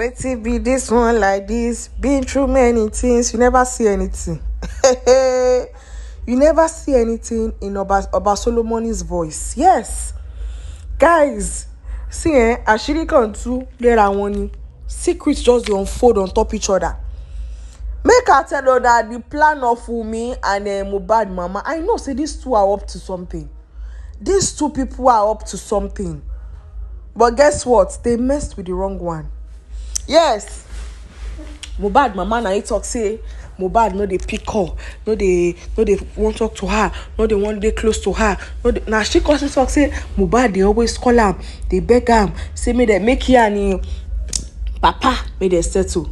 wetin be dis one like dis been through many things you never see anything you never see anything in oba oba solomoni's voice yes guys see eh àṣírí kan tú léra wọn ni secrets just dey unfold on top each other make i tell you that the plan of wunmi and uh, mohbad mama i know say these two are up to something these two people are up to something but guess what they messed with the wrong one yes mohbad mama na he talk say mohbad no dey pick her no dey no dey wan talk to her no dey wan dey close to her no dey na she come talk say mohbad dey always call am dey beg am say make dem make he and him papa make dem settle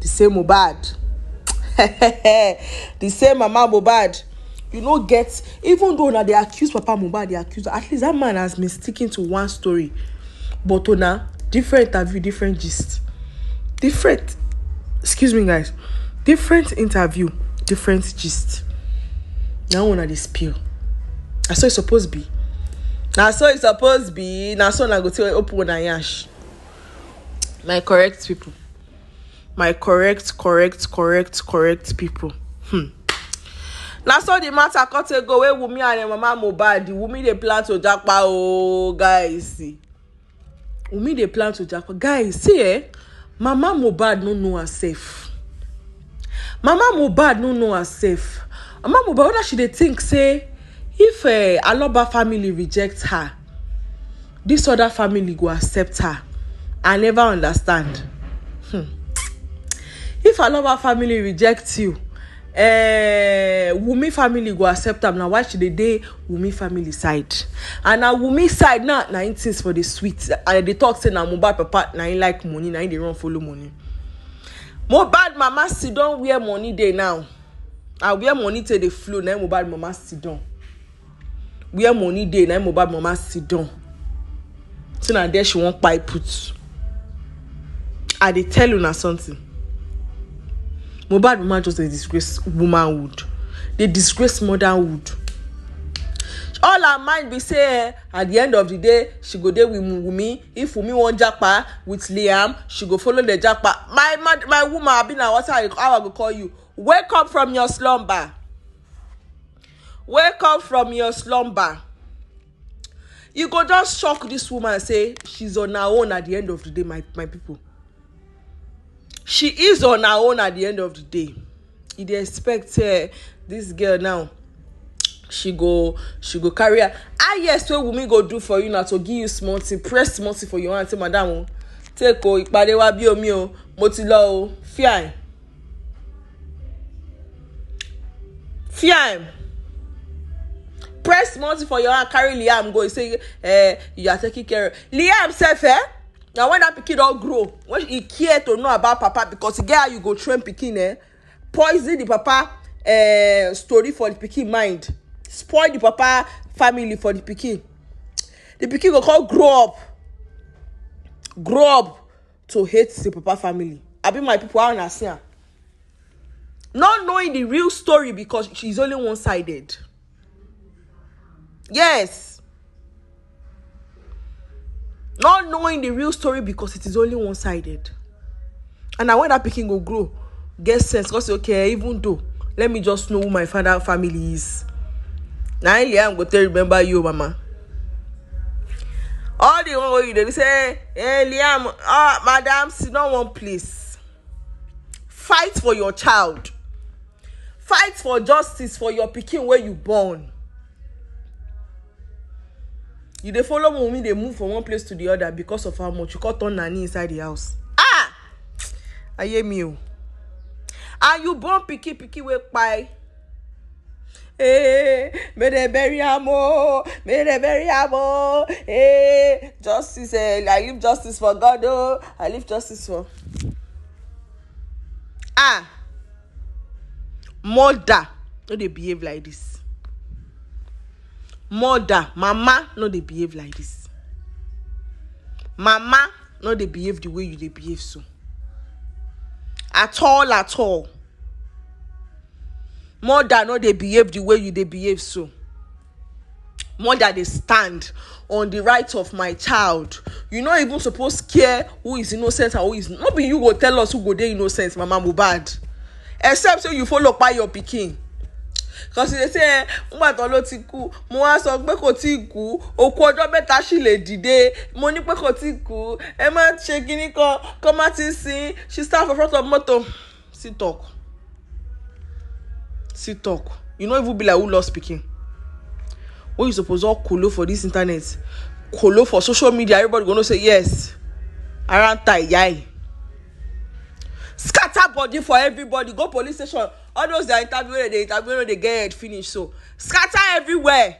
the same mohbad the same mama mohbad you no get even though una dey accuse papa mohbad dey accuse her at least that man has been sticking to one story but una different interview different gist different excuse me guys different interview different gist na one na the spill na so e suppose be na so e suppose be na so una go take open una yansh my correct people my correct correct correct correct people hmm. na so the matter come take go wey wunmi and im mama mohbad wunmi dey plan to japa ooo guys wunmi dey plan to japa guys see eh mama mohbad no know herself mama mohbad no know herself mama mohbad whether she dey think say if uh, aloba family reject her this other family go accept her i never understand hmm. if aloba family reject you uh, wunmi family go accept am na why she dey dey wunmi family side and na wunmi side now na im things for the sweet And they talk say na mohbad papa na im like money na im dey run follow money mohbad mama Sidon down where money dey now and where money take dey flow na mohbad mama Sidon down where money dey na mohbad mama Sidon. down say na there she wan kpai put i dey tell una something mohbad woman just dey disgrace womanhood dey disgrace motherhood all her mind be say eh at the end of the day she go dey with wunmi if wunmi wan japa with liam she go follow the japa my man my woman abi na what i how i go call you wake up from your slumber wake up from your slumber you go just shock this woman say she's on her own at the end of the day my my people she is on her own at the end of the day e dey expect uh, this girl now she go she go carry her highest ah, wey wunmi go do for you na to give you small tea press small tea for your hand say madam o take o ìpàdé wa bi omi o mo ti lọ o fear him fear him press small tea for your hand carry liam go say eh, you are taking care liam sef eh Now when that pikin don grow when e care to know about papa because e get how you go train pikin eh poison the papa uh, story for the pikin mind spoil the papa family for the pikin the pikin go come grow up grow up to hate the papa family abi my people how una see am not knowing the real story because she's only one-sided yes not knowing the real story because it is only one-sided and I want that pikin go grow get sense Cause okay even though let me just know who my father family is Now, him yeah, i go take remember you mama all the one you dey say eh liam ah madam sit down one place fight for your child fight for justice for your pikin where you born you dey follow mumu dey move from one place to the other because of how much you come turn nanny inside the house ah aye mi o and you born pikin pikin wey kpai. Hey, eh, may they bury am o may they bury am o hey, eh, justice eh, i leave justice for god o oh. i leave justice for ah murder. no dey behave like this mother mama no dey behave like this mama no dey behave the way you dey behave so at all at all mother no dey behave the way you dey behave so mother dey stand on the right of my child you no even suppose care who is innocent and who is no be you go tell us who go dey innocent mama mohbad except say you follow kpai your pikin kan sì lè ṣe ẹ ńgbà tán ló ti kú mo wá sọ pé kò tí ì kú òkú ọjọ́ mẹ́ta sì lè dìde mo ní pé kò tí ì kú ẹ má ṣe kinní kan kọ́ má ti sin she stand for front of motor sit talk sit talk you know even be like who lost pikin wey you suppose all kolo for this internet kolo for social media everybody go know say yes ara ń ta scatter body for everybody go police station all those that interview they interview they get head finish so scatter everywhere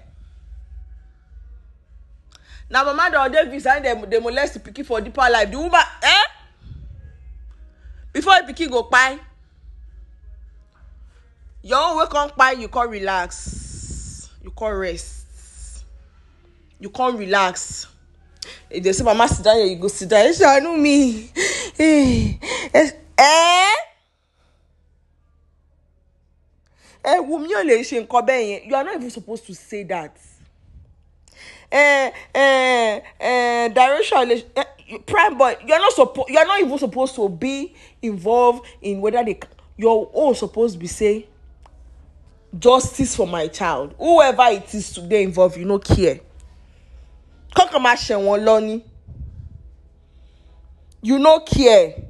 Now, mama don dey visa and dem dey molest the pikin for deeper life the woman eh before the pikin go kpai your own wey come kpai you come relax you come rest you come relax if they say mama sit down here you go sit down eh me. Eh? eh. ẹ wù mí ò lè ṣe nǹkan bẹ́ẹ̀ yẹn you are not even supposed to say that ẹ ẹ ẹ direction le prime boy you are not supposed you are not even supposed to be involved in whether they your own supposed be say justice for my child whoever it is to today involved you no care kankan máa ṣẹ̀wọ̀n lọ ni you no care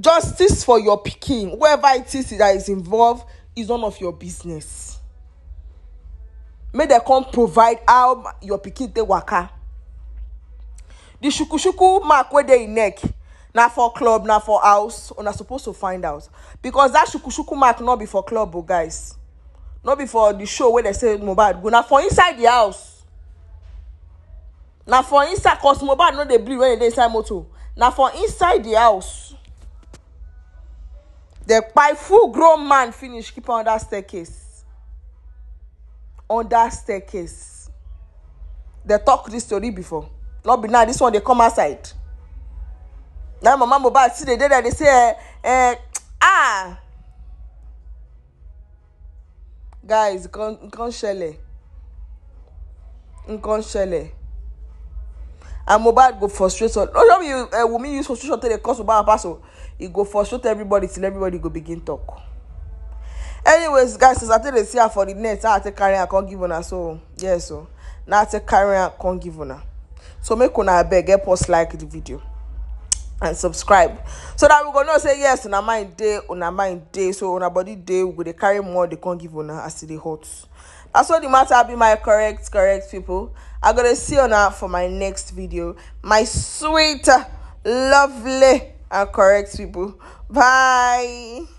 justice for your pikin whoever it is that is involved is none of your business May dem come provide how your pikin take waka the shukushuku mark wey dey im neck na for club na for house una suppose to find out because that shukushuku mark no be for club o oh, guys no be for the show wey dem say mohbad go na for inside the house na for inside cause mohbad no dey bleed when e dey inside motor na for inside the house the by full grown man finish keep under staircase under staircase they talk this story before no be now this one dey come outside Now, mama mohbad see the day that they say eh eh ah guys nkan nkan ṣẹlẹ̀ nkan ṣẹlẹ̀ and mohbad go frustrate us no sure me uh, wunmi use frustration take dey cause mohbad pass o oh. e go frustrate everybody till everybody go begin talk anyways guys since i take dey see her for the net how i take carry her come give una so yes o oh. na i take carry her come give una so make una abeg help us like the video. and subscribe so that we gonna say yes On a mind day, on a mind day, so on a body day, we gonna carry more They can't give on as city dey hot na so the matter be my correct correct people i gonna see now for my next video my sweet lovely and correct people bye.